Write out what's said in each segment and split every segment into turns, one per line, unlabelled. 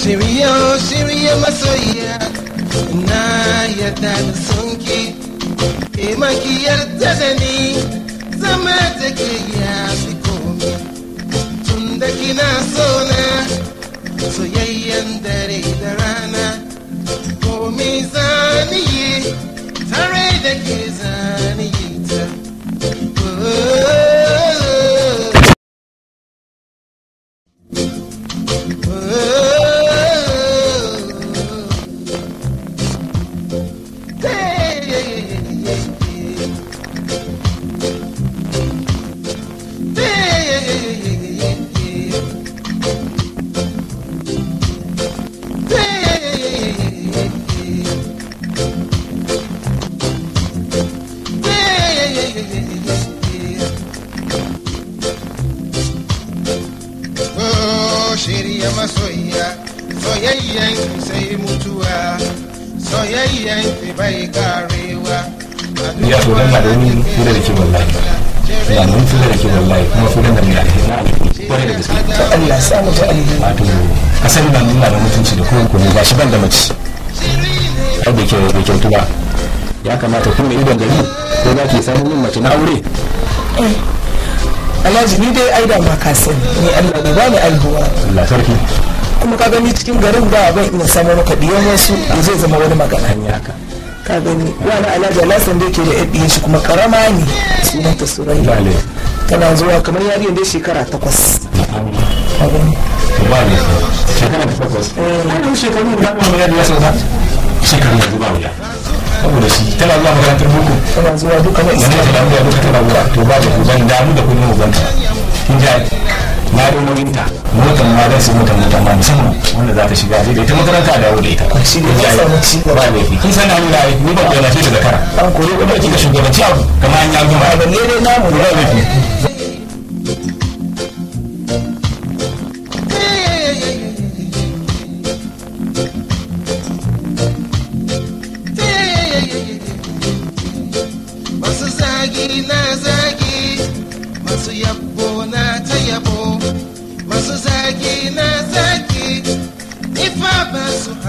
Shiriyo, shiriyo masoya, na ya da sunki, taimaki yarda da zame zama take ya fi komi. Tun da kina sona, soyayyen dare da rana, komi zaniye, tare da ke zaniye ta. Oh. Oh, masoya, soyayyen sai mutuwa, soyayyen ki
Ya to dan da ni fira da ke wallahi. Da mun fira da ke wallahi kuma fira da mu da alheri. Kwarai da gaske. Allah ya sa mu ta alheri. Wato kasan nan nuna da mutunci da kowa ko ne gashi ban da mace. Ai da ke da ke tuba. ya kamata kuma idan gari ko za ki samu min mace na aure eh, alhaji ni dai ai da ma ka sani ni allah ne bani albuwa allah sarki kuma ka gani cikin garin ba ban ina samu maka biyan wasu da zai zama wani magana ka gani wani alhaji alhassan da yake da yabiye shi kuma karama ne sunanta surayya tana zuwa kamar yariyar dai shekara takwas ka gani ba ne shekara takwas eh. ana shekaru da kuma yariyar sun shekaru da zuba wuya saboda shi tana zuwa makarantar boko tana zuwa duka na islam tana zuwa duka tana zuwa to ba da ku ban damu da kudin ubanta kin ji na da nauyinta motar ma zan sai motar motar ma musamman wanda za ta shiga zai da ita makaranta da wuri ita shi ne ya yi ba laifi kin san namu na ni ban na shi da zakara an kore ko da kika shugabanci abu kamar an yi gama ba ne ne namu ba
laifi zagi na zagi masu yabo na ta yabo masu zagi na zagi ifa fa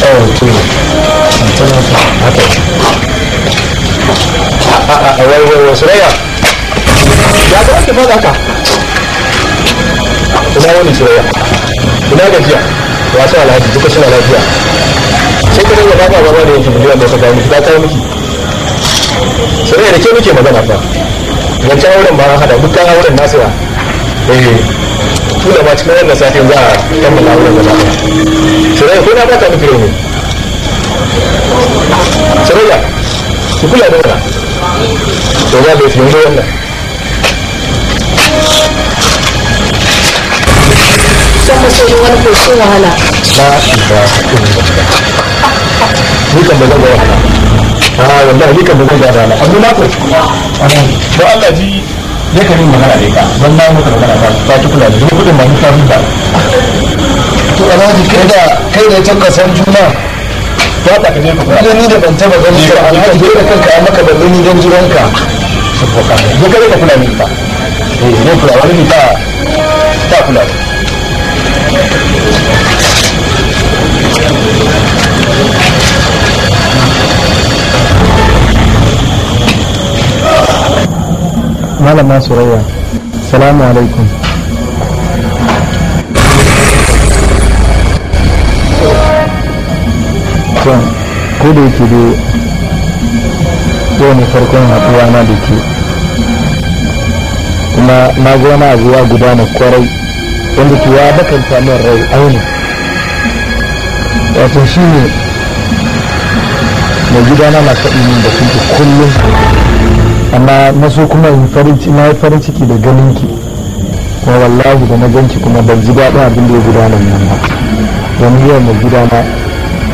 oh to haka a wai wai wai suraya ya ga ake fada haka ina wani suraya ina gajiya wasu alhaji duka suna lafiya sai ka dinga baka baba da yake biliyan da suka yi miki ta kawo miki suraya da ke muke magana fa wancan auren ba hada dukkan auren nasiya eh kila ma cikin wannan satin za a kammala wannan gaba shirya ko na bata miki rauni shirya ki kula da wannan to za da yi wannan sun fi soyi wani koshin wahala ba ba ni kan ba zan ga wahala a ah, wallahi ni kan ba zan ga wahala abu na ko ba Allah ji ya ka yin magana da ita don na maka magana ta ta kula da zai kudin masu tafi ba to alhaji kai da kai da ita ka juna ba ta ka ka kuma ni da ban taba ganin ka alhaji kai da kanka a maka balle ni don jiranka saboda ka je ka kula ni ba eh ne kula wani ta ta kula malama surayya salamu alaikum ko da yake da yau ne farkon haɗuwa na da ke kuma na ga wani abuwa guda na kwarai wanda ke ya bakanta min rai aini wato shi ne mai gidana na faɗi min da kuke kullum amma na so kuma in farin ciki na farin ciki da ganin ki kuma wallahi da na ganki kuma ban ji daɗin abin da ya gudana nan ba don yau mai gudana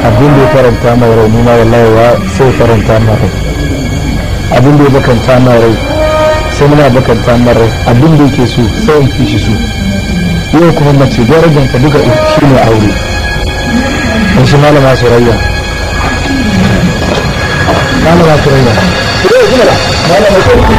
abin da ya faranta mai rai nuna wallahi wa sai faranta mai rai abin da ya bakanta mai rai sai muna bakanta mai rai abin da yake so sai in fi shi so yau kuma mace darajar ka duka shi ne aure in shi malama surayya malama surayya mana malam ko ki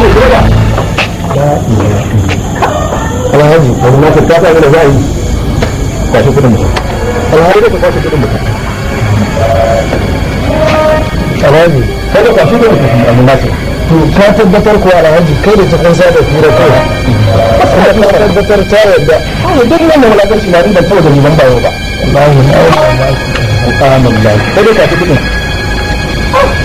a munafik. To ka tabbatar ko Alhaji kai da ta sa da fira kai. ka tabbatar ta yadda. Ai duk nan da shi na da liman bayo ba. Wallahi na yi ka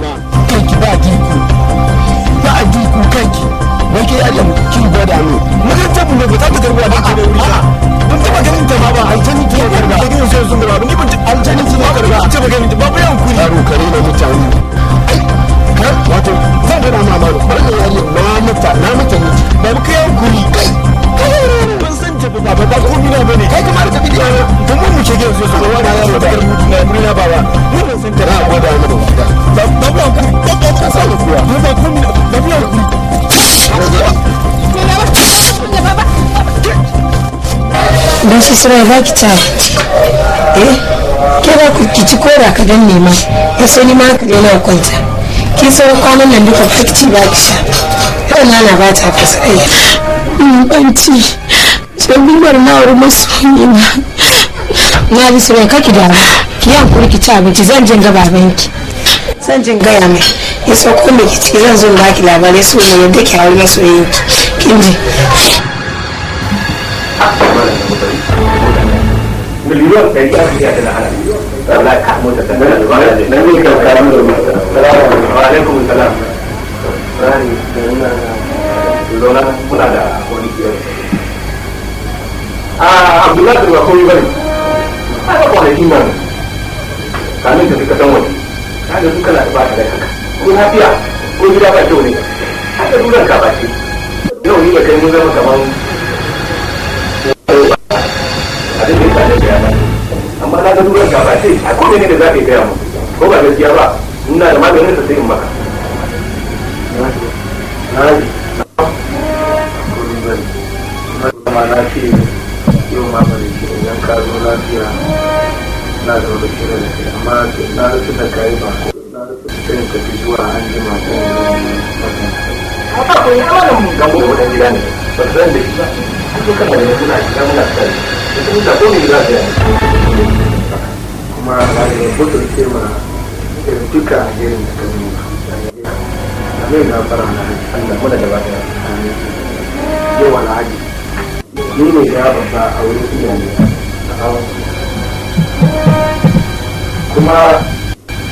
ke adam kin gwada mu yi ta ne ba ta ta garbuwa da ke da wuri ban ba ganin ta ma ba aljani ke karba da gidan sai sun garba ni ban aljani ke ba ta ba ganin ta ba bayan kuri yaro kare na mutane wato zan gana ma ma bar da yayi na mata na mata ne ba mu kai kuri kai ban san ta ba ba ko mina bane kai kamar ta bidiyo to mun mu ce gidan sai sun garba da yaro ta garbu na ba baba
mun san ta na
gwada mu da
israel za ki caya eh ke za ku kici ko da ka danne ma
ya sai ni ma hankali na kwanta ki sauran kwanan nan duka fakci ba ki sha yau na na ba ta fasa eh. ai banci shagumar na wuri masoyi na na bi sauran kaki da ki yi hankuri ki ci abinci zan jin gaba banki zan jin gaya mai ya sauko mai ki zan zo ba ki labarai so ne yadda ki hauri masoyinki kin ji miliyon ɗari a cikin da na'ana wala ka mota ta nan ba da nan ne kan karam da mota salamu alaikum salam rani da muna da wani kiyar a abdullahi ba komai bane a ga kwanaki nan kamin ka fita dan wani kaga su kana ba ta da kanka ko lafiya ko gida ba kyau ne haka duran ka ba ce yau ni da kai mun zama kamar ka ga duran gaba ce a ko ne da za yi gaya mu ko ba gaskiya ba ina da maganin sa sai in maka ma na ce yau ma bari ce idan ka zo lafiya na da wani kira da kai amma na da kayi ba ko na rufe da ka fi zuwa an ji ma ko haka ko ya wani mun ga gobe da gida ne ba zan da shi ba duk kana da mutuna shi kana da kai duk da ko ne za ka yi kuma ba da rubutu ce ma da duka a jerin da kan yi amin na fara na Allah mana da bada yawa alhaji ni ne ya babba a wurin iyaye a hawan kuma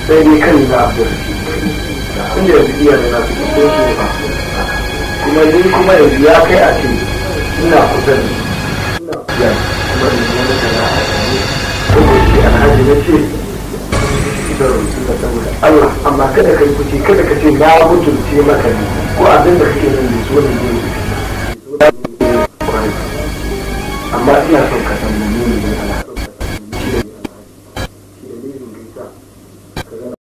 sai dai kan na abu da shi kun da yanzu iyaye na su ko su ba kuma ni kuma yanzu ya kai a ce ina kusa ne ina kusa da ya ce Allah amma kada ka yi kuce kada ka ce na mutunce maka ne ko abin da kake nan da so ne ne amma ina so